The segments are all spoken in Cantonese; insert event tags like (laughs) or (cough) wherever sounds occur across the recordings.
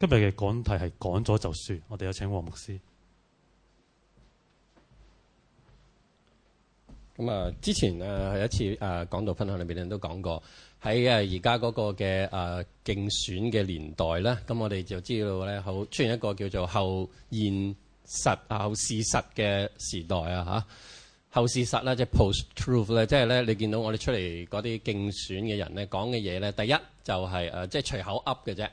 今日嘅講題係講咗就算，我哋有請黃牧師。咁啊，之前啊，有一次誒講道分享裏邊咧都講過，喺誒而家嗰個嘅誒、啊、競選嘅年代咧，咁我哋就知道咧，好出現一個叫做後現實、後事實啊、啊、後事實嘅時代啊嚇。後事實咧，即係 post-truth 咧，即係咧，你見到我哋出嚟嗰啲競選嘅人咧講嘅嘢咧，第一就係、是、誒，即、啊、係、就是、隨口噏嘅啫。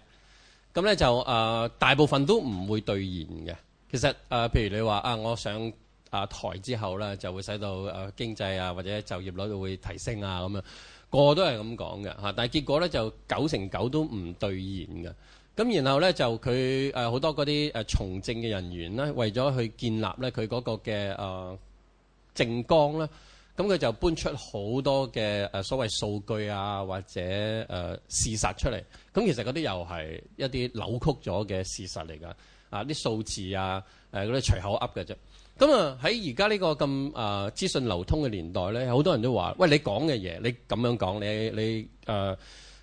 咁咧就誒、呃、大部分都唔會兌現嘅。其實誒、呃，譬如你話啊，我上啊台之後咧，就會使到誒、呃、經濟啊或者就業率會提升啊咁樣，個個都係咁講嘅嚇。但係結果咧就九成九都唔兌現嘅。咁然後咧就佢誒好多嗰啲誒從政嘅人員咧，為咗去建立咧佢嗰個嘅誒、呃、政綱咧。咁佢就搬出好多嘅、呃、所謂數據啊，或者誒、呃、事實出嚟。咁其實嗰啲又係一啲扭曲咗嘅事實嚟㗎。啊，啲、啊、數字啊，嗰、啊、啲隨口噏嘅啫。咁啊，喺而家呢個咁啊、呃、資訊流通嘅年代咧，好多人都話：「喂，你講嘅嘢，你咁樣講，你你誒咁、呃、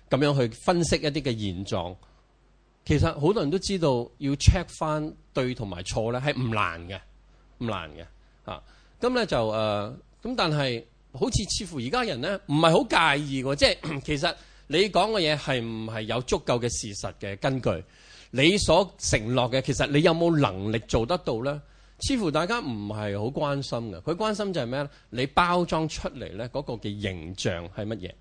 樣去分析一啲嘅現狀，其實好多人都知道要 check 翻對同埋錯咧，係唔難嘅，唔難嘅。嚇，咁咧就誒。咁但係好似似乎而家人呢，唔係好介意喎，即係 (coughs) 其實你講嘅嘢係唔係有足夠嘅事實嘅根據？你所承諾嘅其實你有冇能力做得到呢？似乎大家唔係好關心嘅，佢關心就係咩？你包裝出嚟呢嗰個嘅形象係乜嘢？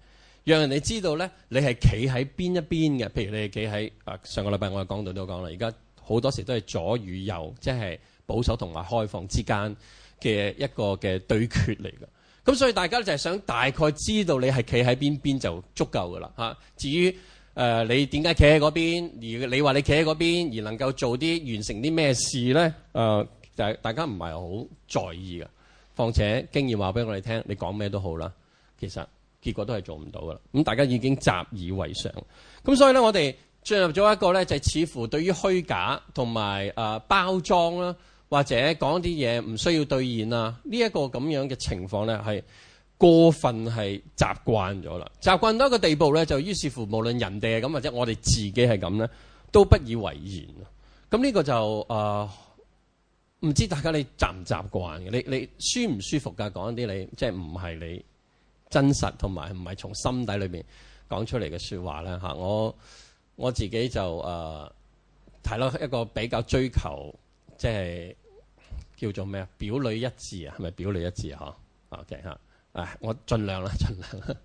讓人哋知道呢，你係企喺邊一邊嘅。譬如你係企喺啊上個禮拜我係講到都講啦，而家好多時都係左與右，即係保守同埋開放之間。嘅一個嘅對決嚟嘅，咁所以大家就係想大概知道你係企喺邊邊就足夠噶啦、啊、至於、呃、你點解企喺嗰邊，而你話你企喺嗰邊而能夠做啲完成啲咩事呢？大、呃、大家唔係好在意噶。況且經驗話俾我哋聽，你講咩都好啦，其實結果都係做唔到噶啦。咁大家已經習以為常。咁所以呢，我哋進入咗一個呢，就似乎對於虛假同埋包裝啦，或者講啲嘢唔需要兌現啊！呢一個咁樣嘅情況呢，係過分係習慣咗啦。習慣到一個地步呢，就於是乎無論人哋係咁或者我哋自己係咁呢，都不以為然。咁呢個就誒唔知大家你習唔習慣嘅？你你舒唔舒服㗎？講一啲你即係唔係你真實同埋唔係從心底裏面講出嚟嘅說話呢。我我自己就誒睇咯，呃、一個比較追求即係。就是叫做咩啊？表裏一致啊，係咪表裏一致啊？嚇，OK 嚇，啊，我盡量啦，盡量啦，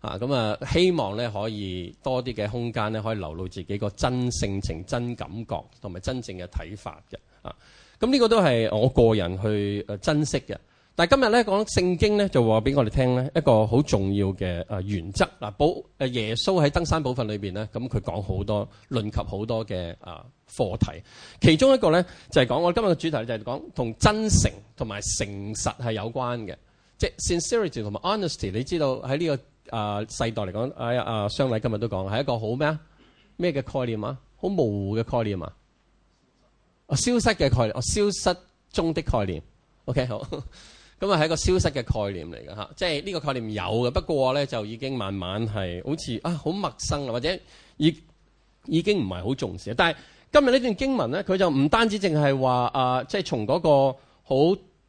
啊，咁啊，希望咧可以多啲嘅空間咧，可以流露自己個真性情、真感覺同埋真正嘅睇法嘅，啊，咁、嗯、呢、呢個都係我個人去珍惜嘅。但係今日咧講聖經咧，就話俾我哋聽咧一個好重要嘅誒原則嗱，保誒耶穌喺登山寶訓裏邊咧，咁佢講好多，論及好多嘅誒課題，其中一個咧就係、是、講我今日嘅主題就係講同真誠同埋誠實係有關嘅，即係 sincerity 同埋 honesty。你知道喺呢個誒世代嚟講，阿阿商禮今日都講係一個好咩啊？咩嘅概念啊？好模糊嘅概念啊？消失嘅概念，消失中的概念。OK，好。咁啊，係一個消失嘅概念嚟㗎吓，即係呢個概念有嘅，不過咧就已經慢慢係好似啊好陌生啊，或者已已經唔係好重視。但係今日呢段經文咧，佢就唔單止淨係話啊，即係從嗰個好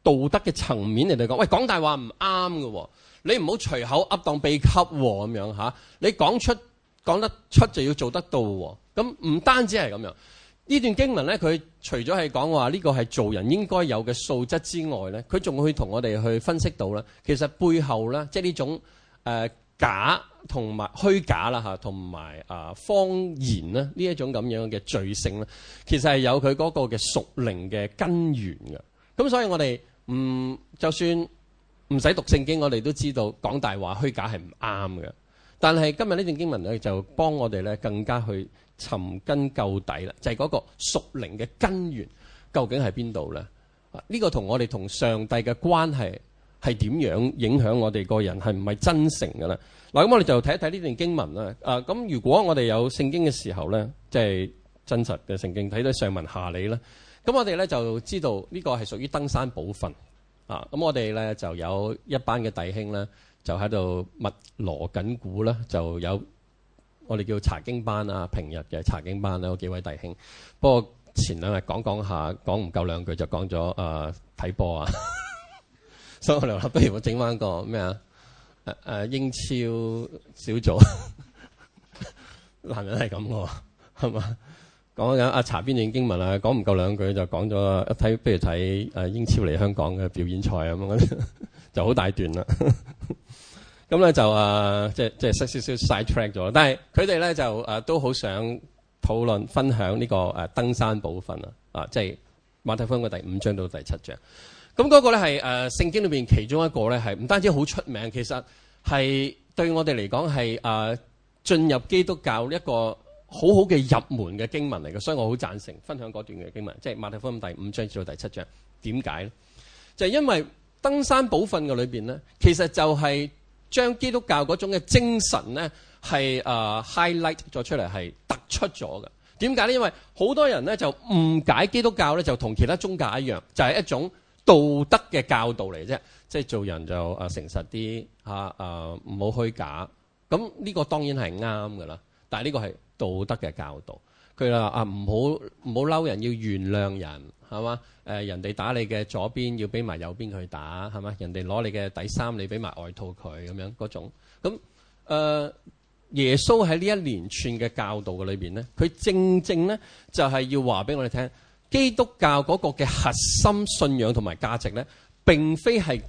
道德嘅層面嚟嚟講，喂講大話唔啱㗎喎，你唔好隨口噏當秘笈喎咁樣吓，你講出講得出就要做得到喎。咁唔單止係咁樣。呢段經文咧，佢除咗係講話呢個係做人應該有嘅素質之外咧，佢仲會同我哋去分析到啦。其實背後咧，即係呢種誒假同埋虛假啦嚇，同埋誒謊言咧，呢一種咁樣嘅罪性咧，其實係有佢嗰個嘅屬靈嘅根源嘅。咁所以我哋唔就算唔使讀聖經，我哋都知道講大話、虛假係唔啱嘅。但係今日呢段經文咧，就幫我哋咧更加去。尋根究底啦，就係、是、嗰個屬靈嘅根源究竟喺邊度呢？呢、這個同我哋同上帝嘅關係係點樣影響我哋個人係唔係真誠嘅呢？嗱，咁我哋就睇一睇呢段經文啦。啊，咁如果我哋有聖經嘅時候呢，即、就、係、是、真實嘅聖經，睇到上文下理啦。咁我哋呢就知道呢個係屬於登山寶訓啊。咁我哋呢就有一班嘅弟兄呢，就喺度密鑼緊鼓啦，就有。我哋叫查經班啊，平日嘅查經班咧，有幾位弟兄。不過前兩日講講下，講唔夠兩句就講咗誒睇波啊。呃、 (laughs) 所以我哋話，不如我整返個咩啊？誒、啊、誒英超小組，男人係咁喎，係嘛？講緊阿查邊段經文啊，講唔夠兩句就講咗一睇，不如睇誒英超嚟香港嘅表演賽咁樣就好大段啦。 (laughs) 咁咧就誒，即係即係少少 side track 咗。但係佢哋咧就誒、啊、都好想討論分享呢、這個誒登山寶訓啊，啊，即係、啊就是、馬太福音嘅第五章到第七章。咁、那、嗰個咧係誒聖經裏面其中一個咧係唔單止好出名，其實係對我哋嚟講係誒、啊、進入基督教一個好好嘅入門嘅經文嚟嘅，所以我好贊成分享嗰段嘅經文，即、就、係、是、馬太福音第五章至到第七章。點解咧？就是、因為登山寶訓嘅裏裡面咧，其實就係、是。將基督教嗰種嘅精神咧係誒 highlight 咗出嚟，係突出咗嘅。點解咧？因為好多人咧就誤解基督教咧就同其他宗教一樣，就係一種道德嘅教導嚟啫。即係做人就誒誠實啲嚇誒，唔好虛假。咁呢個當然係啱㗎啦。但係呢個係道德嘅教導。佢話：啊，唔好唔好嬲人，要原諒人，係嘛？誒、呃，人哋打你嘅左邊，要俾埋右邊佢打，係嘛？人哋攞你嘅底衫，你俾埋外套佢咁樣嗰種。咁誒、呃，耶穌喺呢一連串嘅教導嘅裏邊呢佢正正呢就係、是、要話俾我哋聽，基督教嗰個嘅核心信仰同埋價值呢，並非係，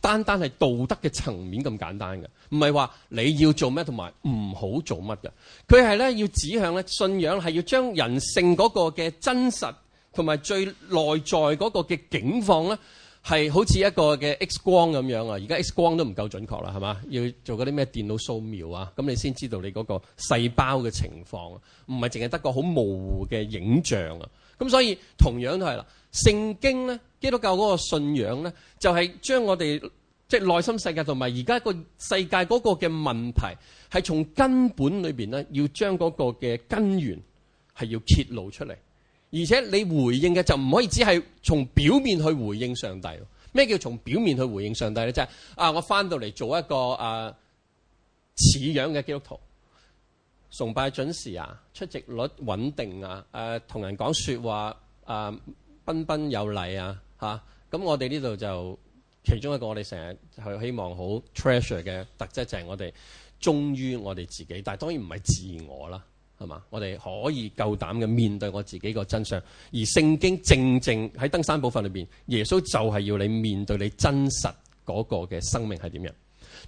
單單係道德嘅層面咁簡單嘅，唔係話你要做咩同埋唔好做乜嘅。佢係咧要指向咧信仰係要將人性嗰個嘅真實同埋最內在嗰個嘅景況咧，係好似一個嘅 X 光咁樣啊。而家 X 光都唔夠準確啦，係嘛？要做嗰啲咩電腦掃描啊，咁你先知道你嗰個細胞嘅情況啊，唔係淨係得個好模糊嘅影像啊。咁所以同樣都係啦。聖經咧，基督教嗰個信仰咧，就係、是、將我哋即係內心世界同埋而家個世界嗰個嘅問題，係從根本裏邊咧，要將嗰個嘅根源係要揭露出嚟。而且你回應嘅就唔可以只係從表面去回應上帝。咩叫從表面去回應上帝咧？就係、是、啊，我返到嚟做一個啊、呃、似樣嘅基督徒，崇拜準時啊，出席率穩定啊，誒、呃、同人講説話啊。呃彬彬有禮啊，嚇！咁我哋呢度就其中一個我哋成日去希望好 treasure 嘅特質，就係我哋忠於我哋自己。但係當然唔係自我啦，係嘛？我哋可以夠膽嘅面對我自己個真相。而聖經正正喺登山部分裏邊，耶穌就係要你面對你真實嗰個嘅生命係點樣。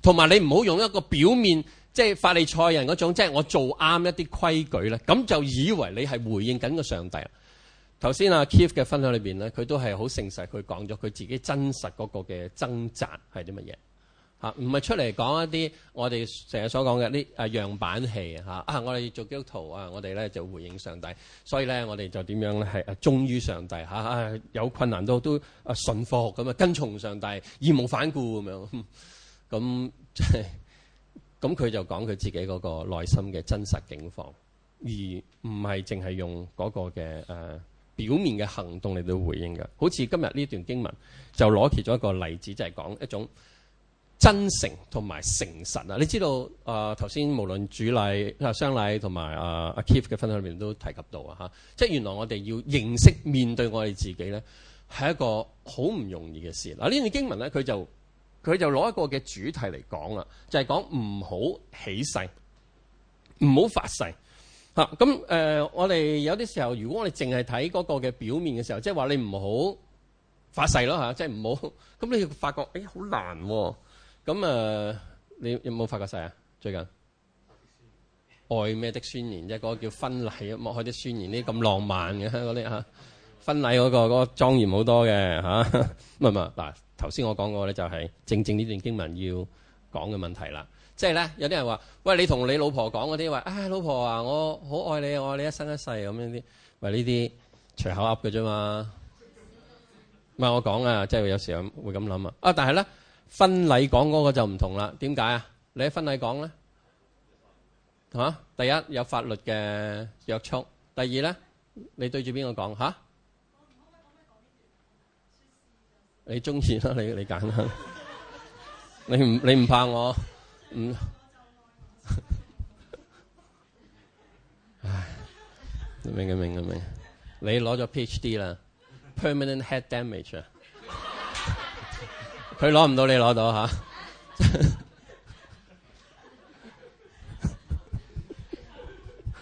同埋你唔好用一個表面，即係法利賽人嗰種，即係我做啱一啲規矩咧，咁就以為你係回應緊個上帝。頭先阿 Keith 嘅分享裏邊咧，佢都係好誠實，佢講咗佢自己真實嗰個嘅掙扎係啲乜嘢嚇，唔係出嚟講一啲我哋成日所講嘅呢誒樣板戲嚇啊！我哋做基督徒啊，我哋咧就回應上帝，所以咧我哋就點樣咧係忠於上帝嚇、啊、有困難都都啊信服咁啊，跟從上帝義無反顧咁樣咁，即係咁佢就講佢自己嗰個內心嘅真實境況，而唔係淨係用嗰個嘅誒。呃表面嘅行動嚟到回應嘅，好似今日呢段經文就攞其中一個例子，就係、是、講一種真誠同埋誠實啊！你知道啊，頭、呃、先無論主禮啊、雙禮同埋啊阿 Kif 嘅分享裏面都提及到啊，嚇！即係原來我哋要認識面對我哋自己咧，係一個好唔容易嘅事嗱，呢、啊、段經文咧，佢就佢就攞一個嘅主題嚟講啦，就係、是、講唔好起誓，唔好發誓。嚇，咁誒，我哋有啲時候，如果我哋淨係睇嗰個嘅表面嘅時候，即係話你唔好發誓咯嚇，即係唔好咁你會發覺，哎、欸、好難喎、啊。咁誒、啊，你有冇發過誓啊？最近愛咩的宣言啫？嗰、嗰個叫婚禮啊，莫海的宣言呢啲咁浪漫嘅嗰啲嚇，婚、嗰個啊、禮嗰、嗰個嗰、嗰個莊嚴好多嘅嚇。唔係唔係，嗱頭先我講嗰個咧就係正正呢段經文要講嘅問題啦。即係咧，有啲人話，喂，你同你老婆講嗰啲話，啊老婆啊，我好愛你啊，我愛你一生一世咁樣啲，喂呢啲隨口噏嘅啫嘛。唔係我講啊，即係有時候會咁諗啊。啊，但係咧，婚禮講嗰個就唔同啦。點解啊？你喺婚禮講咧嚇，第一有法律嘅約束，第二咧，你對住邊個講嚇？你中意啦，你你揀啦。你唔你唔怕我？唔， (laughs) 明嘅明嘅明，你攞咗 PhD 啦 (music) ，permanent head damage (laughs) 他拿不到，你拿到啊，佢攞唔到，你攞到吓。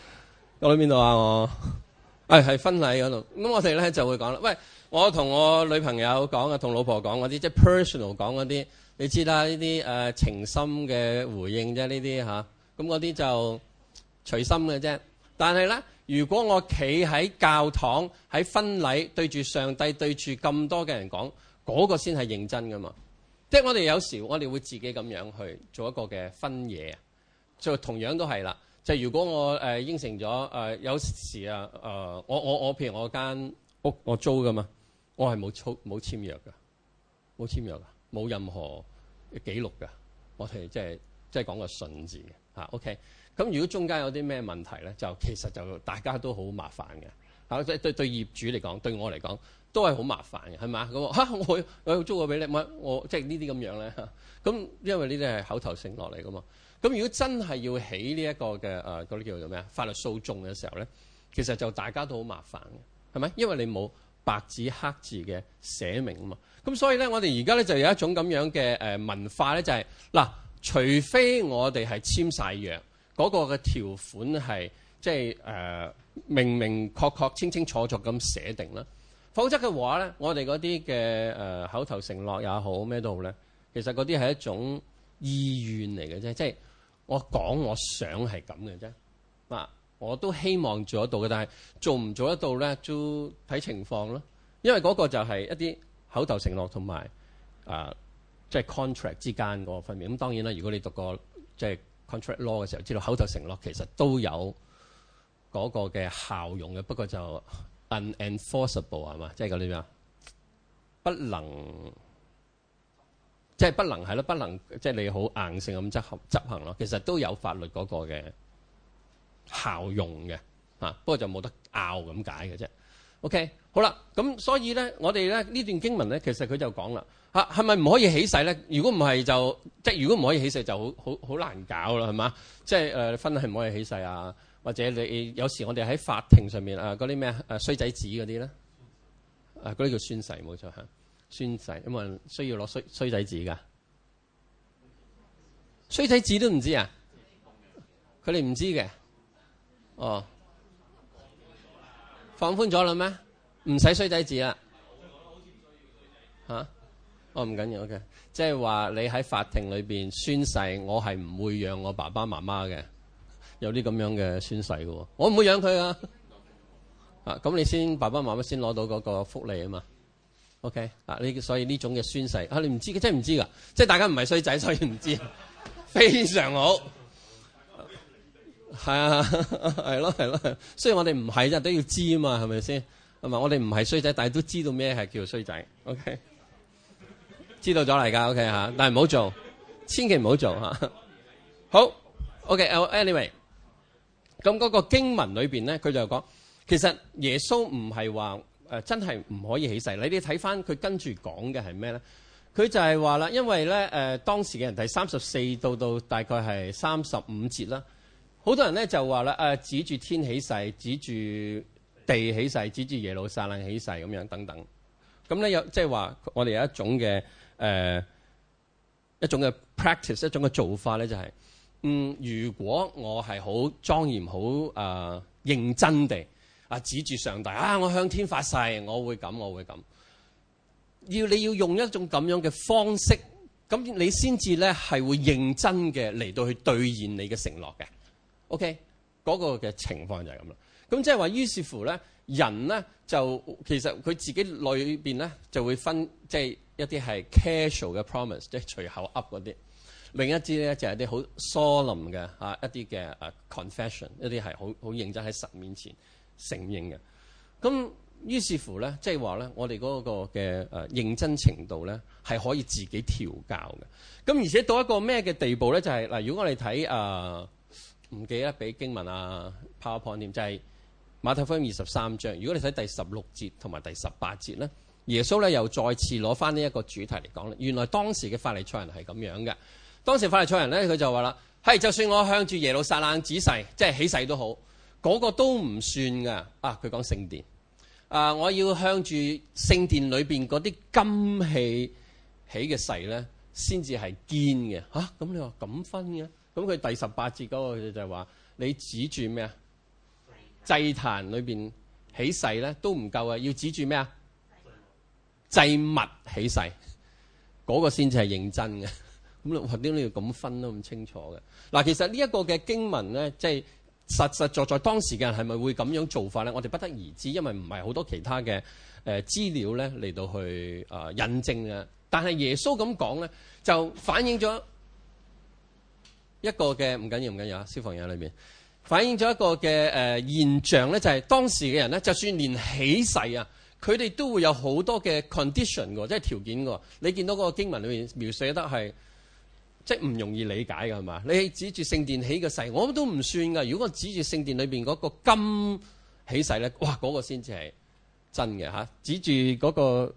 我喺邊度啊？我，誒，係婚禮嗰度。咁我哋咧就會講啦。喂，我同我女朋友講啊，同老婆講嗰啲，即係 personal 講嗰啲。你知啦，呢啲誒情深嘅回應啫，呢啲吓，咁嗰啲就隨心嘅啫。但係咧，如果我企喺教堂喺婚禮對住上帝對住咁多嘅人講，嗰個先係認真噶嘛。即係我哋有時我哋會自己咁樣去做一個嘅婚嘢，就同樣都係啦。就如果我誒應承咗、呃、有時啊、呃、我我我譬如我間屋我租噶嘛，我係冇簽冇簽約噶，冇簽約噶。冇任何記錄㗎，我哋即係即係講個順字嘅嚇，OK。咁如果中間有啲咩問題咧，就其實就大家都好麻煩嘅嚇，即係對對業主嚟講，對我嚟講都係好麻煩嘅，係咪？咁啊我我要租過俾你，我即係呢啲咁樣咧。咁因為呢啲係口頭承諾嚟噶嘛。咁如果真係要起呢一個嘅誒嗰啲叫做咩啊法律訴訟嘅時候咧，其實就大家都好麻煩嘅，係咪、啊啊呃？因為你冇白紙黑字嘅寫明啊嘛。咁所以呢，我哋而家呢就有一種咁樣嘅誒文化呢，就係、是、嗱，除非我哋係簽晒約嗰個嘅條款係即係誒明明確確、清清楚楚咁寫定啦，否則嘅話呢，我哋嗰啲嘅誒口頭承諾也好，咩都好呢，其實嗰啲係一種意願嚟嘅啫，即、就、係、是、我講我想係咁嘅啫。嗱、呃，我都希望做得到嘅，但係做唔做得到呢，都睇情況咯，因為嗰個就係一啲。口頭承諾同埋啊，即係 contract 之間嗰個分別。咁當然啦，如果你讀過即係 contract law 嘅時候，知道口頭承諾其實都有嗰個嘅效用嘅。不過就 unenforceable 係嘛，即係嗰啲咩啊？不能，即係不能係咯，不能即係你好硬性咁執行執行咯。其實都有法律嗰個嘅效用嘅，啊，不過就冇得拗咁解嘅啫。OK，好啦，咁所以咧，我哋咧呢段經文咧，其實佢就講啦嚇，係咪唔可以起誓咧？如果唔係就即係如果唔可以起誓就好好好難搞啦，係嘛？即係、呃、分係唔可以起誓啊，或者你有時我哋喺法庭上面啊嗰啲咩衰仔紙嗰啲咧，嗰啲、啊啊、叫宣誓冇錯、啊、宣誓因為需要攞衰衰仔紙噶，衰仔紙都唔知啊？佢哋唔知嘅，哦。放寬咗啦咩？唔使衰仔字啦嚇！哦唔緊要，OK。即係話你喺法庭裏邊宣誓，我係唔會養我爸爸媽媽嘅，有啲咁樣嘅宣誓嘅喎，我唔會養佢啊！ (laughs) 啊，咁你先爸爸媽媽先攞到嗰個福利啊嘛。OK，啊，呢所以呢種嘅宣誓啊，你唔知嘅即係唔知㗎，即係大家唔係衰仔，所以唔知道。非常好。係啊，係咯係咯雖然我哋唔係係都要知啊嘛，係咪先？係咪？我哋唔係衰仔，但係都知道咩係叫衰仔。OK， (laughs) 知道咗嚟噶。OK 吓，但係唔好做，千祈唔 (laughs) 好做吓。好，OK。Anyway，咁嗰個經文裏邊咧，佢就講，其實耶穌唔係話誒真係唔可以起誓，你哋睇翻佢跟住講嘅係咩咧？佢就係話啦，因為咧誒、呃、當時嘅人，第三十四度到大概係三十五節啦。好多人咧就話啦、啊，指住天起誓，指住地起誓，指住耶路撒冷起誓咁樣等等。咁咧有即係話，我哋有一種嘅、呃、一種嘅 practice，一種嘅做法咧，就係、是、嗯。如果我係好莊嚴、好誒、呃、認真地啊，指住上帝啊，我向天發誓，我會咁，我會咁。要你要用一種咁樣嘅方式，咁你先至咧係會認真嘅嚟到去兌現你嘅承諾嘅。OK，嗰個嘅情況就係咁啦。咁即係話，於是乎咧，人咧就其實佢自己裏面咧就會分，即係一啲係 casual 嘅 promise，即係隨口噏嗰啲；另一支咧就係啲好 solemn 嘅，一啲嘅 confession，一啲係好好認真喺神面前承認嘅。咁於是乎咧，即係話咧，我哋嗰個嘅誒認真程度咧係可以自己調教嘅。咁而且到一個咩嘅地步咧，就係嗱，如果我哋睇誒唔記得俾經文啊，泡泡 p o 就係馬太福音二十三章。如果你睇第十六節同埋第十八節咧，耶穌咧又再次攞翻呢一個主題嚟講咧。原來當時嘅法利賽人係咁樣嘅。當時法利賽人咧，佢就話啦，係、哎、就算我向住耶路撒冷起誓，即係起誓都好，嗰、那個都唔算噶。啊，佢講聖殿啊，我要向住聖殿裏面嗰啲金器起嘅誓咧，先至係堅嘅。嚇、啊，咁你話咁分嘅？咁佢第十八節嗰個就係話，你指住咩啊？祭壇裏邊起誓咧都唔夠啊，要指住咩啊？祭物起誓，嗰個先至係認真嘅。咁你點解要咁分都咁清楚嘅？嗱，其實呢一個嘅經文咧，即係實實在在當時嘅人係咪會咁樣做法咧？我哋不得而知，因為唔係好多其他嘅誒資料咧嚟到去啊印證嘅。但係耶穌咁講咧，就反映咗。一個嘅唔緊要，唔緊要啊！消防員喺裏面反映咗一個嘅誒、呃、現象咧，就係、是、當時嘅人咧，就算連起誓啊，佢哋都會有好多嘅 condition 的即係條件喎。你見到嗰個經文裏面描寫得係即係唔容易理解㗎係嘛？你指住聖殿起個誓，我都唔算噶。如果指住聖殿裏面嗰個金起誓咧，哇，嗰、那個先至係真嘅、啊、指住嗰個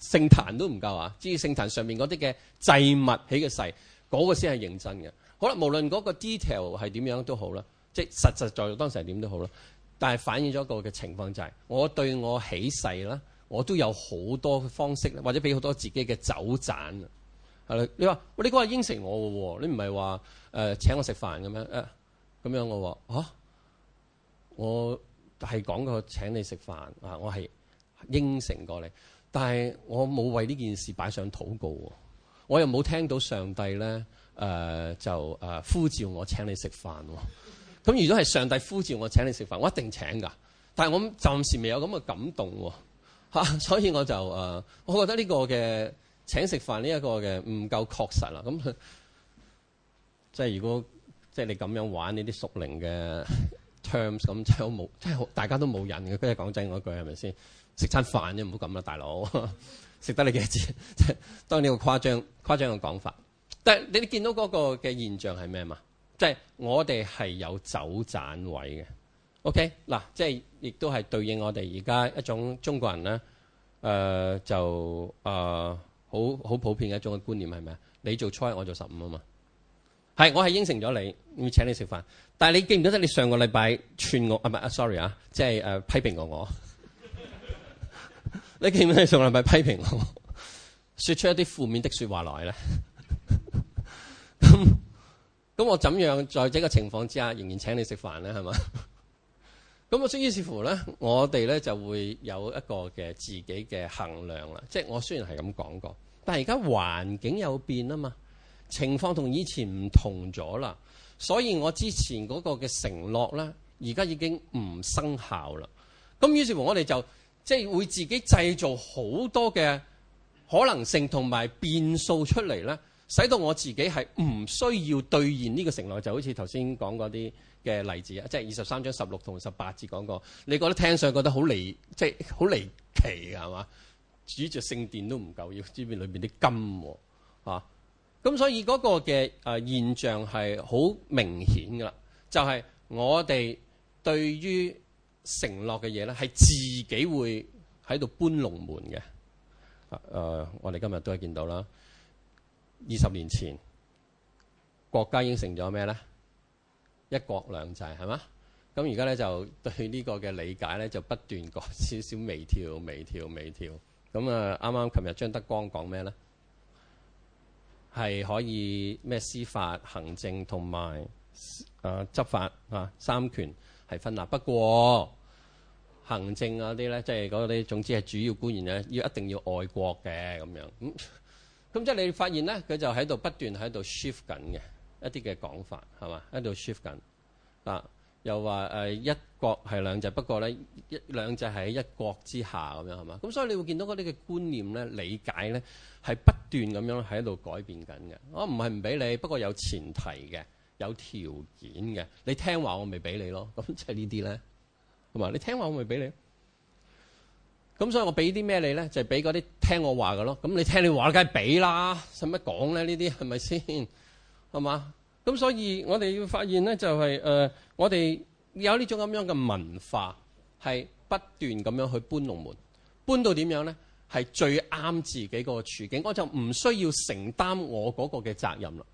聖壇都唔夠啊，指住聖壇上面嗰啲嘅祭物起個誓。嗰、那個先係認真嘅，好啦，無論嗰個 detail 係點樣都好啦，即係實實在在當時係點都好啦，但係反映咗一個嘅情況就係、是，我對我起誓啦，我都有好多方式咧，或者俾好多自己嘅走盞，你話，你嗰日應承我嘅喎，你唔係話誒請我食飯嘅咩？誒、啊、咁樣我喎、啊，我係講過請你食飯啊，我係應承過你，但係我冇為呢件事擺上禱告。我又冇聽到上帝咧、呃，就誒、呃、呼召我請你食飯喎。咁如果係上帝呼召我請你食飯，我一定請㗎。但係我暫時未有咁嘅感動喎、啊，所以我就、呃、我覺得呢個嘅請食飯呢一個嘅唔夠確實啦。咁即係如果即係、就是、你咁樣玩呢啲屬靈嘅 terms，咁即係冇，即係大家都冇人嘅。跟住講真嗰句係咪先？食餐飯啫，唔好咁啦，大佬。食得你幾多錢？即 (laughs) 係當呢個誇張、誇張嘅講法。但係你哋見到嗰個嘅現象係咩嘛？即係我哋係有走盞位嘅。OK，嗱，即係亦都係對應我哋而家一種中國人咧，誒、呃、就啊好好普遍嘅一種嘅觀念係咩啊？你做初一，我做十五啊嘛。係，我係應承咗你，要請你食飯。但係你記唔記得你上個禮拜串我啊？唔係，sorry 啊，即係誒批評過我。你記唔記得你仲係咪批評我，説出一啲負面的説話來咧？咁 (laughs) 咁我怎樣在這個情況之下，仍然請你食飯咧？係嘛？咁啊，所以於是乎咧，我哋咧就會有一個嘅自己嘅衡量啦。即係我雖然係咁講過，但係而家環境有變啊嘛，情況同以前唔同咗啦，所以我之前嗰個嘅承諾咧，而家已經唔生效啦。咁於是乎我，我哋就即係會自己製造好多嘅可能性同埋變數出嚟，呢使到我自己係唔需要兌現呢個承諾，就是、好似頭先講嗰啲嘅例子啊，即係二十三章十六同十八節講過，你覺得聽上去覺得好離，即係好離奇係嘛？指住聖殿都唔夠，要知邊裏面啲金喎、啊、咁、啊、所以嗰個嘅誒現象係好明顯㗎喇，就係、是、我哋對於承諾嘅嘢咧，係自己會喺度搬龍門嘅。誒、呃，我哋今日都係見到啦。二十年前，國家應承咗咩咧？一國兩制係嘛？咁而家咧就對呢個嘅理解咧，就不斷改少少微調、微調、微調。咁啊，啱啱琴日張德光講咩咧？係可以咩司法、行政同埋誒執法啊三權。分啦，不過行政嗰啲咧，即係嗰啲，總之係主要官員咧，要一定要愛國嘅咁樣。咁即係你發現咧，佢就喺度不斷喺度 shift 緊嘅一啲嘅講法，係嘛？喺度 shift 緊啊，又話誒一國係兩制，不過咧一兩制喺一國之下咁樣係嘛？咁所以你會見到嗰啲嘅觀念咧、理解咧，係不斷咁樣喺度改變緊嘅。我唔係唔俾你，不過有前提嘅。有條件嘅，你聽話我咪俾你咯，咁即係呢啲咧，係嘛？你聽話我咪俾你，咁所以我俾啲咩你咧？就係俾嗰啲聽我話嘅咯。咁你聽你話給了，梗係俾啦，使乜講咧？呢啲係咪先？係嘛？咁所以我哋要發現咧、就是，就係誒，我哋有呢種咁樣嘅文化，係不斷咁樣去搬龍門，搬到點樣咧？係最啱自己個處境，我就唔需要承擔我嗰個嘅責任啦。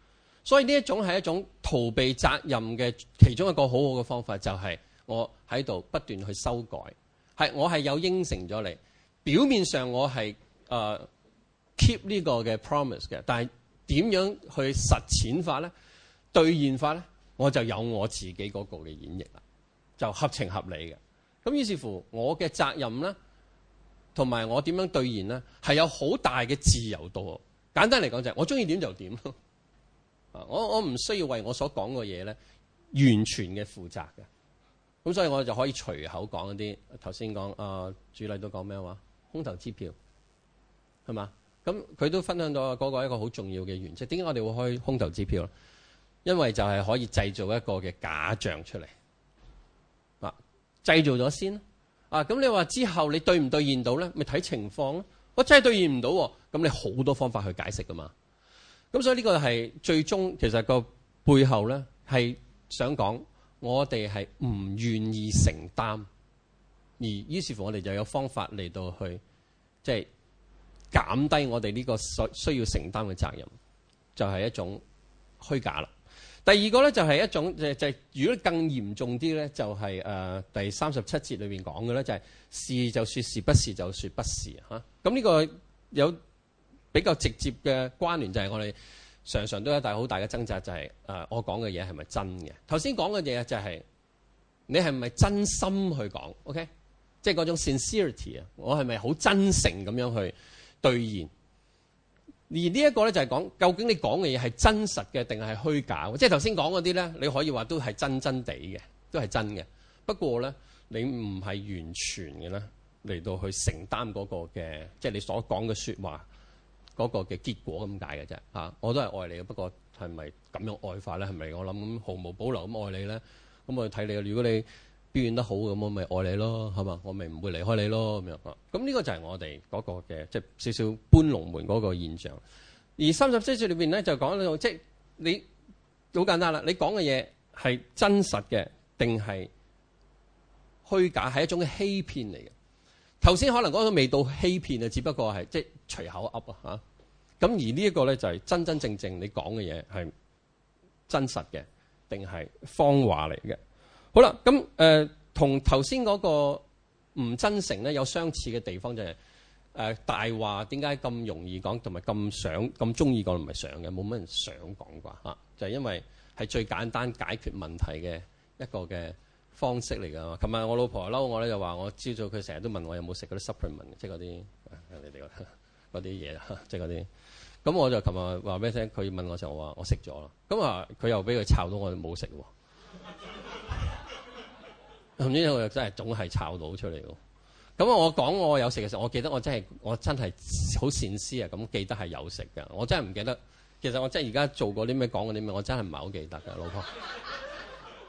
所以呢一種係一種逃避責任嘅其中一個好好嘅方法，就係、是、我喺度不斷去修改，係我係有應承咗你，表面上我係誒、呃、keep 呢個嘅 promise 嘅，但係點樣去實踐法呢？兌現法呢，我就有我自己嗰個嘅演繹啦，就合情合理嘅。咁於是乎，我嘅責任呢，同埋我點樣兌現呢，係有好大嘅自由度。簡單嚟講就係我鍾意點就點。我我唔需要為我所講嘅嘢呢完全嘅負責嘅。咁所以我就可以隨口講一啲。頭先講啊，主禮都講咩話？空頭支票係嘛？咁佢都分享到嗰個一個好重要嘅原則。點解我哋會開空頭支票呢？因為就係可以製造一個嘅假象出嚟。啊，製造咗先啊！咁、啊、你話之後你兌唔兌現到呢？咪睇情況咯、啊。我真係兌現唔到、啊，咁你好多方法去解釋噶嘛。咁所以呢個係最終其實個背後咧係想講我哋係唔願意承擔。而於是乎我哋就有方法嚟到去即係減低我哋呢個所需要承擔嘅責任，就係、是、一種虛假啦。第二個咧就係、是、一種，就就是，如果更嚴重啲咧就係、是、誒、呃、第三十七節裏邊講嘅咧就係、是、是就說是不是就說不是吓，咁、啊、呢個有。比較直接嘅關聯就係我哋常常都有一大好大嘅掙扎，就係誒我講嘅嘢係咪真嘅？頭先講嘅嘢就係你係咪真心去講？OK，即係嗰種 sincerity 啊，我係咪好真誠咁樣去兌現？而呢一個呢，就係講究竟你講嘅嘢係真實嘅定係虛假的？即係頭先講嗰啲呢，你可以話都係真真地嘅，都係真嘅。不過呢，你唔係完全嘅咧，嚟到去承擔嗰個嘅，即係你所講嘅説話。嗰、那個嘅結果咁解嘅啫，我都係愛你嘅，不過係咪咁樣愛法咧？係咪我諗咁毫無保留咁愛你咧？咁我睇你，如果你表現得好，咁我咪愛你咯，係嘛？我咪唔會離開你咯咁樣。咁呢個就係我哋嗰個嘅，即、就、係、是、少少搬龍門嗰個現象。而三十七節裏邊咧就講到，即、就、係、是、你好簡單啦，你講嘅嘢係真實嘅定係虛假？係一種欺騙嚟嘅。頭先可能講到未到欺騙啊，只不過係即係隨口噏啊咁而呢一個咧就係、是、真真正正你講嘅嘢係真實嘅，定係謊話嚟嘅？好啦，咁、呃、同頭先嗰個唔真誠咧有相似嘅地方就係、是、呃、大話點解咁容易講，同埋咁想咁中意講唔係想嘅，冇乜人想講啩嚇，就是、因為係最簡單解決問題嘅一個嘅方式嚟㗎嘛。琴日我老婆嬲我咧，就話我朝早佢成日都問我有冇食嗰啲 supplement，即係嗰啲你哋嗰啲嘢，即嗰啲。就是咁我就琴日話俾你聽？佢問我時我話我食咗啦。咁啊，佢又俾佢炒到我冇食喎。唔知點解真係總係炒到出嚟喎。咁我講我有食嘅時候，我記得我真係我真係好善思啊。咁記得係有食嘅，我真係唔記得。其實我真係而家做過啲咩講過啲咩，我真係唔係好記得㗎。老婆。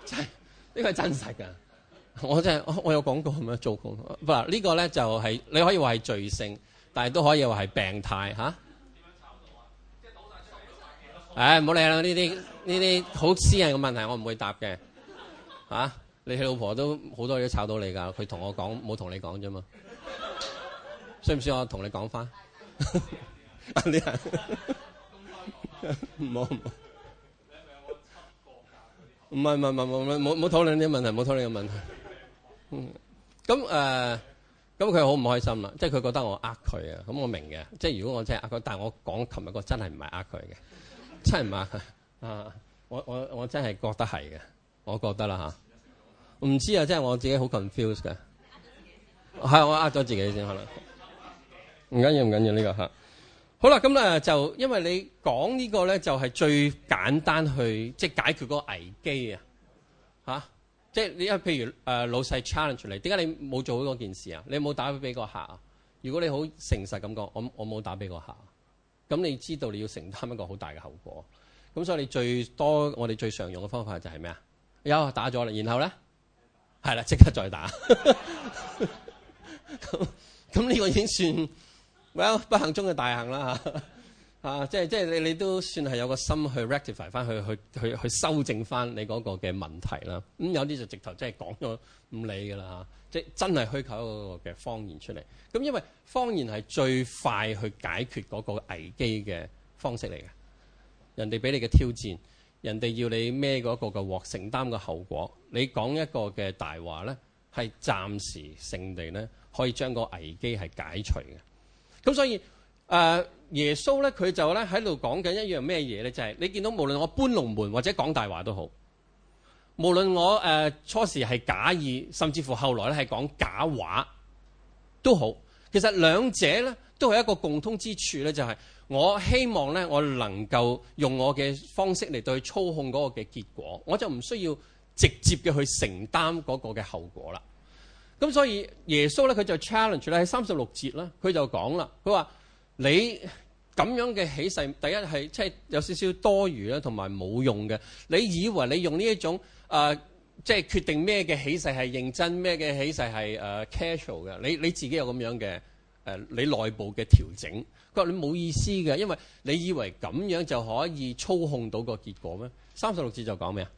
真係呢個係真實嘅。我真係我有講過咁樣做過。不啦、就係，呢個咧就係你可以話係罪性，但係都可以話係病態、啊唉、哎，唔好理啦！呢啲呢啲好私人嘅問題，我唔會答嘅。嚇、啊，你老婆都好多嘢都炒到你㗎，佢同我講冇同你講啫嘛。需唔需要我同你講翻？唔好，唔好。唔係唔係唔唔唔唔唔唔好討論呢啲問題，唔好討論呢個問題。咁誒，咁佢好唔開心啦，即係佢覺得我呃佢啊。咁我明嘅，即係如果我真係呃佢，但係我講琴日個真係唔係呃佢嘅。 (laughs) (laughs) (laughs) 真係唔啱啊！我我我真係覺得係嘅，我覺得啦嚇。唔知啊，即係我自己好 confuse 嘅。係我呃咗自己先可能。唔緊要唔緊要呢個嚇、啊。好啦，咁咧就因為你講呢個咧，就係最簡單去即係、就是、解決嗰個危機啊！嚇、就是，即係你因為譬如誒、呃、老細 challenge 你，點解你冇做好嗰件事啊？你冇打俾嗰個客啊？如果你好誠實咁講，我我冇打俾個客。咁你知道你要承擔一個好大嘅後果，咁所以你最多我哋最常用嘅方法就係咩啊？有打咗啦，然後咧，係啦，即刻再打。咁咁呢個已經算，唔、well, 好，不幸中嘅大幸啦嚇。啊！即係即係你你都算係有個心去 rectify 翻去去去去修正翻你嗰個嘅問題啦。咁、嗯、有啲就直頭、啊、即係講咗唔理㗎啦，即係真係虛構一個嘅謊言出嚟。咁因為謊言係最快去解決嗰個危機嘅方式嚟嘅。人哋俾你嘅挑戰，人哋要你孭嗰個嘅鍋，承擔嘅後果。你講一個嘅大話呢，係暫時性地呢，可以將個危機係解除嘅。咁所以誒。呃耶穌咧，佢就咧喺度講緊一樣咩嘢咧，就係、是、你見到無論我搬龍門或者講大話都好，無論我誒初時係假意，甚至乎後來咧係講假話都好，其實兩者咧都係一個共通之處咧，就係、是、我希望咧我能夠用我嘅方式嚟到去操控嗰個嘅結果，我就唔需要直接嘅去承擔嗰個嘅後果啦。咁所以耶穌咧佢就 challenge 咧喺三十六節啦，佢就講啦，佢話。你咁樣嘅起勢，第一係即係有少少多餘啦，同埋冇用嘅。你以為你用呢一種誒，即係決定咩嘅起勢係認真，咩嘅起勢係誒 casual 嘅？你你自己有咁樣嘅誒、呃，你內部嘅調整。佢話你冇意思嘅，因為你以為咁樣就可以操控到個結果咩？三十六節就講咩啊？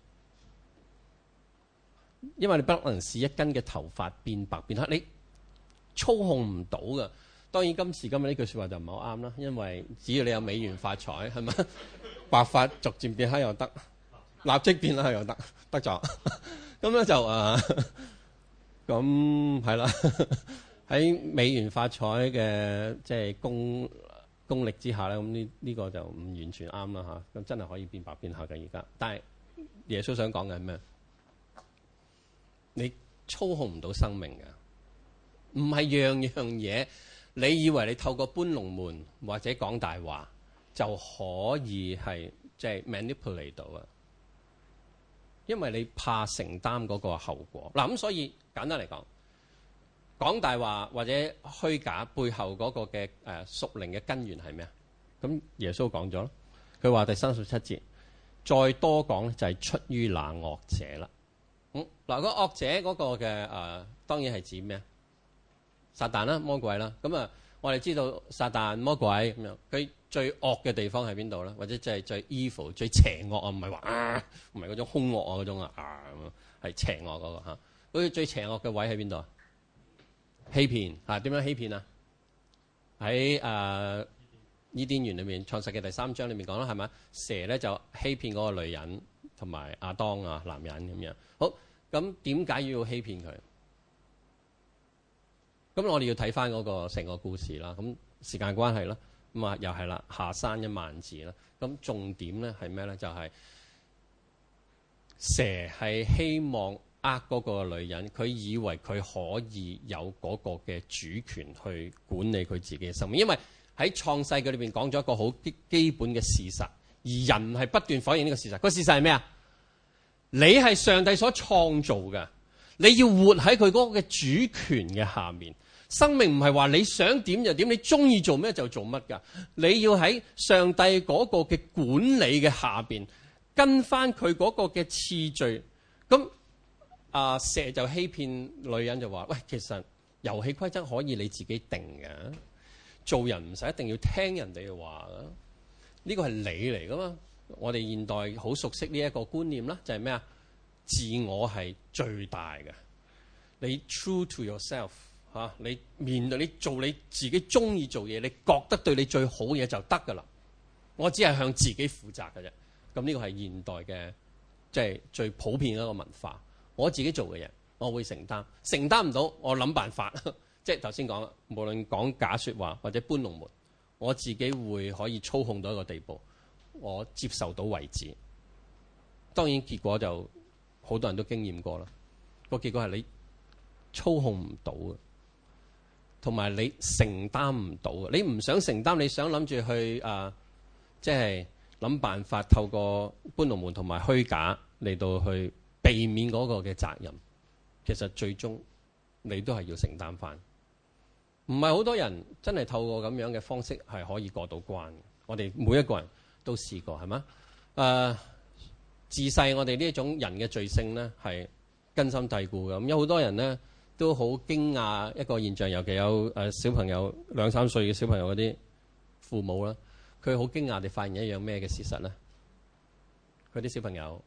因為你不能使一根嘅頭髮變白變黑，你操控唔到嘅。當然今時今日呢句説話就唔係好啱啦，因為只要你有美元發彩，係咪白髮逐漸變黑又得，立即變黑又得，得咗。咁咧就誒，咁係啦，喺美元發彩嘅即係功功力之下咧，咁呢呢個就唔完全啱啦吓。咁真係可以變白變黑嘅而家，但係耶穌想講嘅係咩？你操控唔到生命嘅，唔係樣樣嘢。你以為你透過搬龍門或者講大話就可以係即係 manipulate 到啊？因為你怕承擔嗰個後果嗱，咁所以簡單嚟講，講大話或者虛假背後嗰個嘅誒屬靈嘅根源係咩啊？咁耶穌講咗啦，佢話第三十七節再多講就係出於那惡者啦。嗯，嗱個惡者嗰個嘅誒，當然係指咩啊？撒旦啦、啊，魔鬼啦，咁啊，我哋知道撒旦魔鬼咁樣，佢最惡嘅地方喺邊度咧？或者即係最 evil、最邪惡啊？唔係話啊，唔係嗰種兇惡啊嗰種啊，啊咁啊，係邪惡嗰、嗰個嚇。嗰最邪惡嘅位喺邊度啊？欺騙嚇點、啊、樣欺騙啊？喺誒、呃、伊甸園裏面創世記第三章裏面講啦，係咪啊？蛇咧就欺騙嗰個女人同埋亞當啊，男人咁樣。好，咁點解要欺騙佢？咁我哋要睇翻嗰個成個故事啦。咁時間關係啦，咁啊又係啦，下山一萬字啦。咁重點咧係咩咧？就係、是、蛇係希望呃嗰個女人，佢以為佢可以有嗰個嘅主權去管理佢自己嘅生命。因為喺創世記裏面講咗一個好基基本嘅事實，而人係不斷否認呢個事實。個事實係咩啊？你係上帝所創造嘅，你要活喺佢嗰個嘅主權嘅下面。生命唔係話你想點就點，你中意做咩就做乜噶你要喺上帝嗰個嘅管理嘅下邊，跟翻佢嗰個嘅次序。咁啊蛇就欺騙女人就話：「喂，其實遊戲規則可以你自己定噶做人唔使一定要聽人哋嘅話啦。呢個係你嚟噶嘛？我哋現代好熟悉呢一個觀念啦，就係咩啊？自我係最大嘅。你 true to yourself。吓！你面對你做你自己中意做嘢，你覺得對你最好嘢就得㗎啦。我只係向自己負責㗎啫。咁呢個係現代嘅，即係最普遍一個文化。我自己做嘅嘢，我會承擔。承擔唔到，我諗辦法。 (laughs) 即係頭先講，無論講假說話或者搬龍門，我自己會可以操控到一個地步，我接受到為止。當然結果就好多人都經驗過啦。個結果係你操控唔到嘅。同埋你承擔唔到，你唔想承擔，你想諗住去啊，即係諗辦法透過搬龍門同埋虛假嚟到去避免嗰個嘅責任。其實最終你都係要承擔翻，唔係好多人真係透過咁樣嘅方式係可以過到關。我哋每一個人都試過係嘛？誒、呃，自細我哋呢一種人嘅罪性呢係根深蒂固嘅，有好多人呢。都好驚訝一個現象，尤其有誒小朋友兩三歲嘅小朋友嗰啲父母啦，佢好驚訝地發現一樣咩嘅事實咧。佢啲小朋友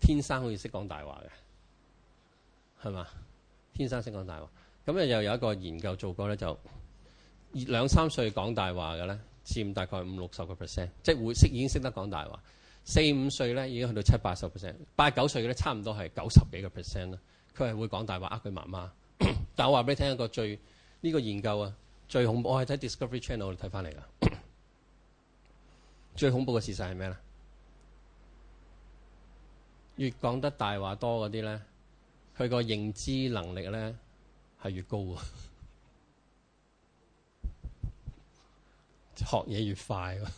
天生好似識講大話嘅，係嘛？天生識講大話。咁咧又有一個研究做過咧，就兩三歲講大話嘅咧，佔大概五六十個 percent，即係會識已經識得講大話。四五歲咧已經去到七八十 percent，八九歲嘅咧差唔多係九十幾個 percent 啦。佢係會講大話呃佢媽媽， (coughs) 但我話俾你聽一個最，呢個研究啊，最恐怖！我係睇 Discovery Channel 睇翻嚟噶，最恐怖嘅事實係咩咧？越講得大話多嗰啲咧，佢個認知能力咧係越高啊，學嘢越快啊！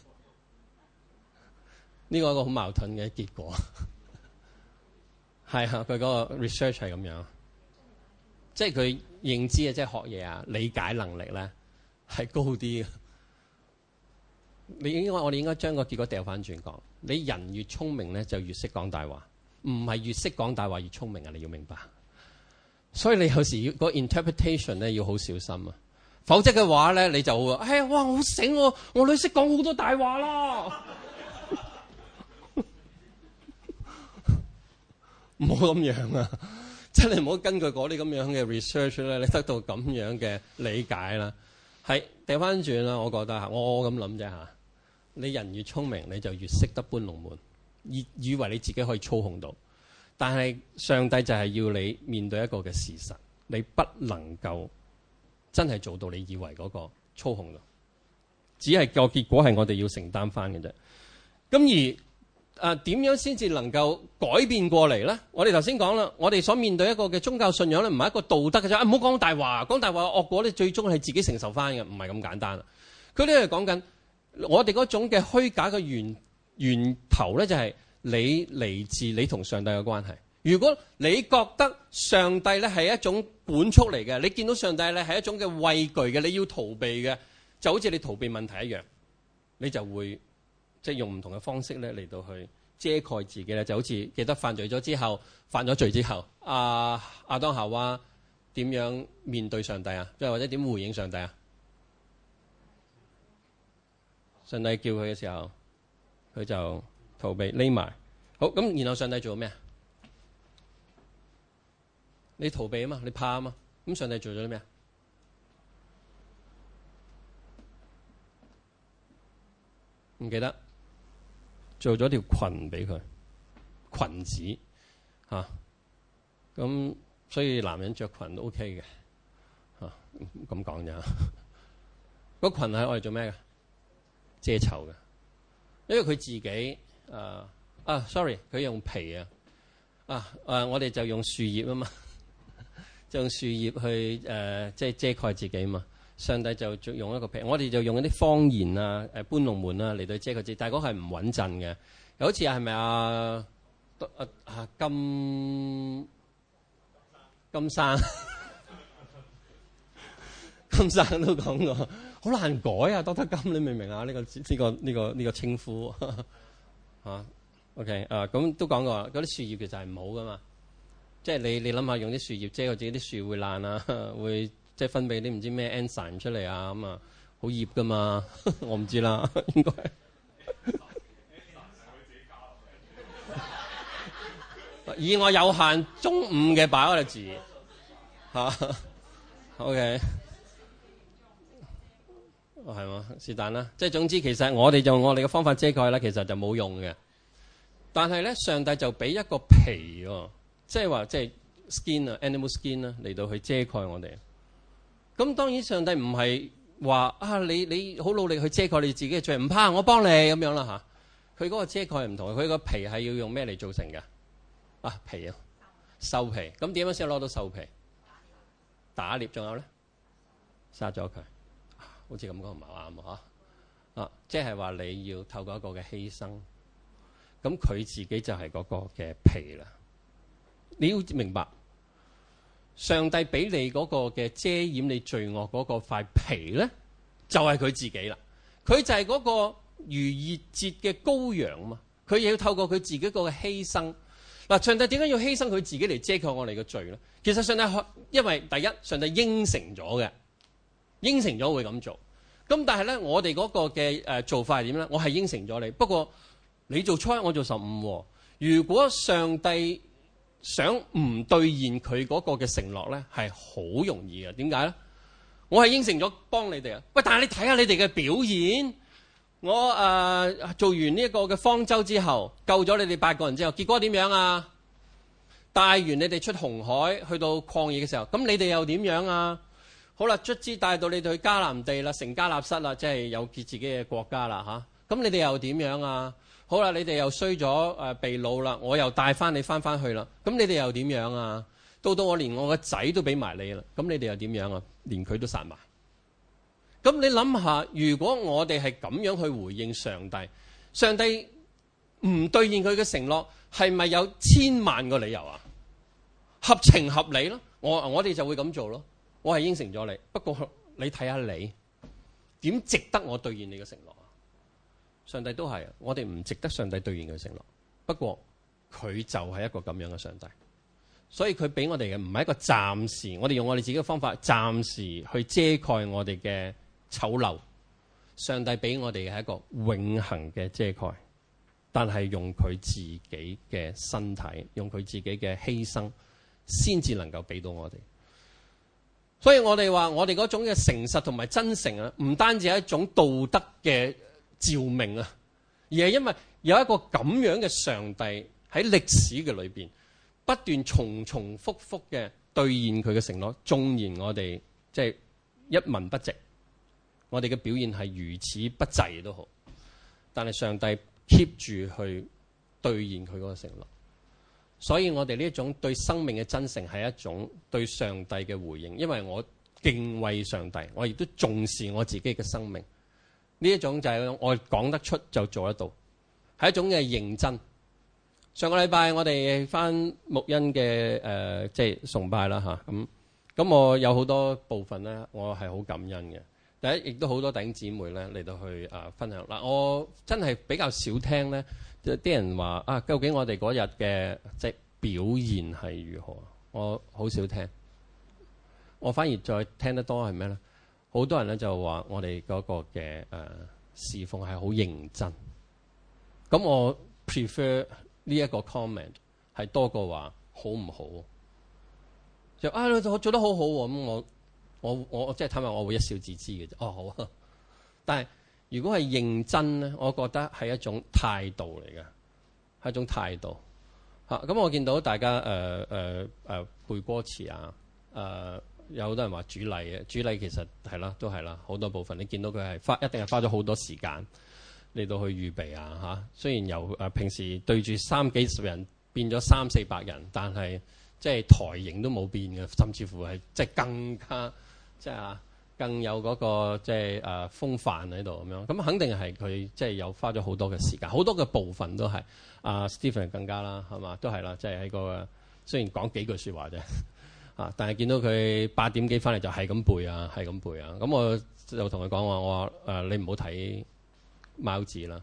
呢個一個好矛盾嘅結果。係啊，佢嗰個 research 係咁樣的，即係佢認知啊，即係學嘢啊，理解能力咧係高啲。你應該我哋應該將個結果掉翻轉講，你人越聰明咧就越識講大話，唔係越識講大話越聰明啊！你要明白。所以你有時要個 interpretation 咧要好小心啊，否則嘅話咧你就誒哎哇好醒喎啊，我女識講好多大話啦。 (laughs) 唔好咁樣啊！即係你唔好根據嗰啲咁樣嘅 research 咧，你得到咁樣嘅理解啦。係掉翻轉啦，我覺得嚇，我咁諗啫嚇。你人越聰明，你就越識得搬龍門以，以為你自己可以操控到。但係上帝就係要你面對一個嘅事實，你不能夠真係做到你以為嗰個操控到，只係個結果係我哋要承擔翻嘅啫。咁而誒、啊、點樣先至能夠改變過嚟呢？我哋頭先講啦，我哋所面對一個嘅宗教信仰咧，唔係一個道德嘅啫。唔好講大話，講大話嘅惡果咧，最終係自己承受返嘅，唔係咁簡單。佢呢度講緊我哋嗰種嘅虛假嘅源源頭呢，就係你嚟自你同上帝嘅關係。如果你覺得上帝咧係一種管束嚟嘅，你見到上帝咧係一種嘅畏懼嘅，你要逃避嘅，就好似你逃避問題一樣，你就會。即係用唔同嘅方式咧嚟到去遮蓋自己咧，就好似記得犯罪咗之後，犯咗罪之後，啊、亞當夏娃點樣面對上帝啊？即係或者點回應上帝啊？上帝叫佢嘅時候，佢就逃避匿埋。好，咁然後上帝做咩啊？你逃避啊嘛，你怕啊嘛。咁上帝做咗啲咩啊？唔記得。做咗條裙俾佢，裙子嚇，咁、啊、所以男人着裙都 OK 嘅，嚇咁講咋？嗰、啊、裙係我哋做咩嘅？遮醜嘅，因為佢自己誒啊，sorry，佢用皮啊，啊誒、啊啊，我哋就用樹葉嘛啊，啊樹葉嘛，就用樹葉去誒，即、啊、係遮，遮蓋自己啊嘛。上帝就用一個譬，我哋就用一啲方言啊、誒搬龍門啊嚟到遮個遮，但係嗰個係唔穩陣嘅。又好似係咪啊？啊金金生，金生 (laughs) 都講過，好難改啊！多得金，你明唔明啊？呢個呢個呢個呢個稱呼嚇。 (laughs) OK 啊，咁都講過嗰啲樹葉其實係唔好噶嘛，即係你你諗下用啲樹葉遮自己啲樹會爛啊，會。即係分泌啲唔知咩 enzyme 出嚟啊！咁啊，好醜噶嘛？我唔知啦，應該 (music) (laughs) 以我有限中午嘅擺嗰個字吓 OK，係嘛？ (laughs) 是但啦。即係總之，其實我哋用我哋嘅方法遮蓋咧，其實就冇用嘅。但係咧，上帝就俾一個皮喎，即係話即係 skin 啊，animal skin 啊，嚟到去遮蓋我哋。咁當然上帝唔係話啊，你你好努力去遮蓋你自己嘅罪，唔怕我幫你咁樣啦吓。佢嗰個遮蓋唔同，佢個皮係要用咩嚟做成㗎？啊皮啊，獸皮。咁點樣先攞到獸皮？打獵仲有咧，殺咗佢。好似咁講唔係啱啊？啊，即係話你要透過一個嘅犧牲，咁佢自己就係嗰個嘅皮啦。你要明白。上帝俾你嗰個嘅遮掩你罪惡嗰個塊皮咧，就係、是、佢自己啦。佢就係嗰個逾越節嘅羔羊嘛。佢亦要透過佢自己嗰個犧牲。嗱，上帝點解要犧牲佢自己嚟遮蓋我哋嘅罪咧？其實上帝因為第一，上帝應承咗嘅，應承咗會咁做。咁但係咧，我哋嗰個嘅誒做法係點咧？我係應承咗你，不過你做初一，我做十五。如果上帝想唔兌現佢嗰個嘅承諾呢，係好容易嘅。點解呢？我係應承咗幫你哋啊。喂，但係你睇下你哋嘅表現，我誒、呃、做完呢、這、一個嘅方舟之後，救咗你哋八個人之後，結果點樣啊？帶完你哋出紅海去到曠野嘅時候，咁你哋又點樣啊？好啦，卒之帶到你哋去迦南地啦，成家立室啦，即、就、係、是、有佢自己嘅國家啦，嚇。咁你哋又點樣啊？好啦，你哋又衰咗，誒、呃、被擄啦，我又帶翻你翻翻去啦。咁你哋又點樣啊？到到我連我個仔都俾埋你啦。咁你哋又點樣啊？連佢都殺埋。咁你諗下，如果我哋係咁樣去回應上帝，上帝唔兌現佢嘅承諾，係咪有千萬個理由啊？合情合理咯，我我哋就會咁做咯。我係應承咗你，不過你睇下你點值得我兌現你嘅承諾？上帝都係我哋唔值得上帝兌現佢承諾。不過佢就係一個咁樣嘅上帝，所以佢俾我哋嘅唔係一個暫時，我哋用我哋自己嘅方法暫時去遮蓋我哋嘅醜陋。上帝俾我哋嘅係一個永恆嘅遮蓋，但係用佢自己嘅身體，用佢自己嘅犧牲，先至能夠俾到我哋。所以我哋話，我哋嗰種嘅誠實同埋真誠啊，唔單止係一種道德嘅。照明啊！而係因為有一個咁樣嘅上帝喺歷史嘅裏邊，不斷重重複複嘅兌現佢嘅承諾，縱然我哋即係一文不值，我哋嘅表現係如此不濟都好，但係上帝 keep 住去兌現佢嗰個承諾。所以我哋呢一種對生命嘅真誠係一種對上帝嘅回應，因為我敬畏上帝，我亦都重視我自己嘅生命。呢一種就係我講得出就做得到，係一種嘅認真。上個禮拜我哋返木恩嘅誒，即、呃、係、就是、崇拜啦嚇。咁、啊、咁我有好多部分咧，我係好感恩嘅。第一，亦都好多頂姊妹咧嚟到去誒、啊、分享。嗱、啊，我真係比較少聽咧，啲人話啊，究竟我哋嗰日嘅即係表現係如何？我好少聽，我反而再聽得多係咩咧？好多人咧就話我哋嗰個嘅侍奉係好認真，咁我 prefer 呢一個 comment 係多過話好唔好？就啊，我做得好好、啊、喎！咁我我我即係睇下，就是、坦白我會一笑置之嘅啫。哦，好、啊。但係如果係認真咧，我覺得係一種態度嚟嘅，係一種態度嚇。咁、啊、我見到大家誒誒誒背歌詞啊，誒、呃。有好多人話主禮嘅主禮其實係啦，都係啦，好多部分你見到佢係花一定係花咗好多時間嚟到去預備啊嚇、啊。雖然由誒、啊、平時對住三幾十人變咗三四百人，但係即係台型都冇變嘅，甚至乎係即係更加即係、即係、啊更有嗰、嗰個即係誒風範喺度咁樣。咁肯定係佢即係有花咗好多嘅時間，好多嘅部分都係啊 Stephen 更加啦，係嘛都係啦，即係喺個雖然講幾句説話啫。啊！但係見到佢八點幾翻嚟就係咁背啊，係咁背啊！咁我就同佢講話，我話誒、呃、你唔好睇貓字啦，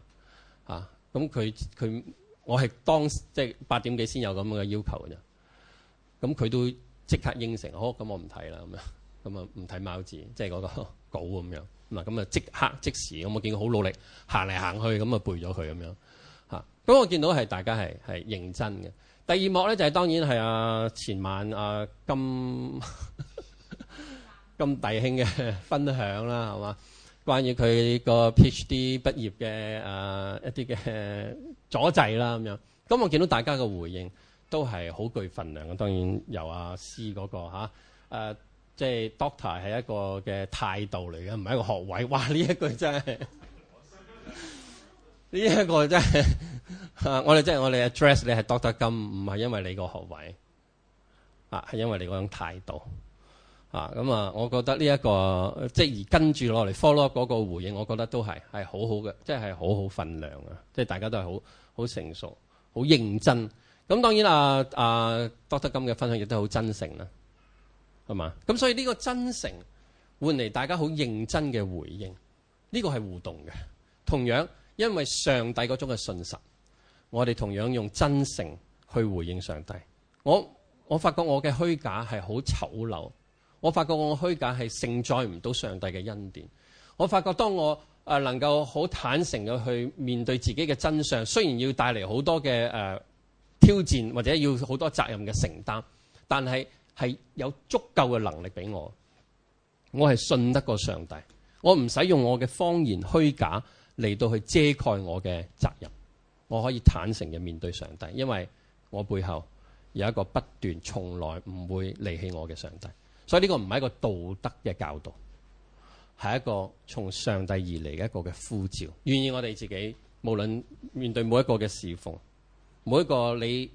啊！咁佢佢我係當即八點幾先有咁樣嘅要求嘅啫。咁佢都即刻應承，好，咁我唔睇啦，咁樣咁啊唔睇貓字，即係嗰個稿咁樣。嗱咁啊即刻即時，我見佢好努力行嚟行去，咁啊背咗佢咁樣。咁我見到係大家係係認真嘅。第二幕咧就係、是、當然係啊，前晚阿金金弟兄嘅分享啦，係嘛？關於佢個 PhD 畢業嘅誒、啊、一啲嘅阻滯啦咁樣。咁我見到大家嘅回應都係好具份量嘅。當然由阿師嗰個吓即係 Doctor 係一個嘅態度嚟嘅，唔係一個學位。哇！呢一句真係～ (laughs) 呢、這、一個真係 (laughs) 我哋真係我哋 address 你係 Doctor 金，唔係因為你個學位啊，係因為你嗰種態度啊。咁啊，我覺得呢、這、一個即係而跟住落嚟 follow 嗰個回應，我覺得都係係好的、就是、好嘅，即係好好份量啊！即係大家都係好好成熟、好認真。咁當然啦啊，Doctor 金嘅分享亦都好真誠啦，係嘛？咁所以呢個真誠換嚟大家好認真嘅回應，呢、這個係互動嘅。同樣。因為上帝嗰種嘅信實，我哋同樣用真誠去回應上帝。我我發覺我嘅虛假係好醜陋，我發覺我嘅虛假係承載唔到上帝嘅恩典。我發覺當我、呃、能夠好坦誠嘅去面對自己嘅真相，雖然要帶嚟好多嘅、呃、挑戰或者要好多責任嘅承擔，但係係有足夠嘅能力俾我。我係信得過上帝，我唔使用，用我嘅謊言虛假。嚟到去遮蓋我嘅責任，我可以坦誠嘅面對上帝，因為我背後有一個不斷從來唔會離棄我嘅上帝，所以呢個唔係一個道德嘅教導，係一個從上帝而嚟嘅一個嘅呼召，願意我哋自己無論面對每一個嘅侍奉，每一個你誒、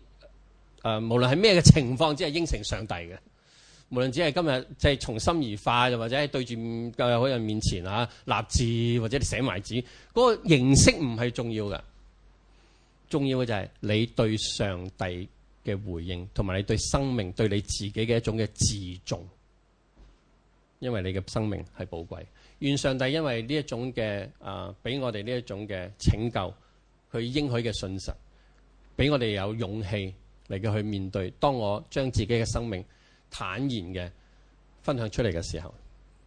呃，無論係咩嘅情況，只係應承上帝嘅。無論只係今日，即係從心而化，又或者喺對住各位好人面前啊，立字或者寫埋紙，嗰個形式唔係重要嘅，重要嘅就係你對上帝嘅回應，同埋你對生命對你自己嘅一種嘅自重，因為你嘅生命係寶貴。願上帝因為呢一種嘅啊，俾我哋呢一種嘅拯救，佢應許嘅信實，俾我哋有勇氣嚟嘅去面對。當我將自己嘅生命。坦然嘅分享出嚟嘅時候，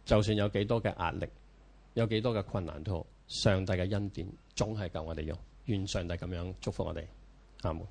就算有幾多嘅壓力，有幾多嘅困難都好，上帝嘅恩典總係夠我哋用。願上帝咁樣祝福我哋，阿門。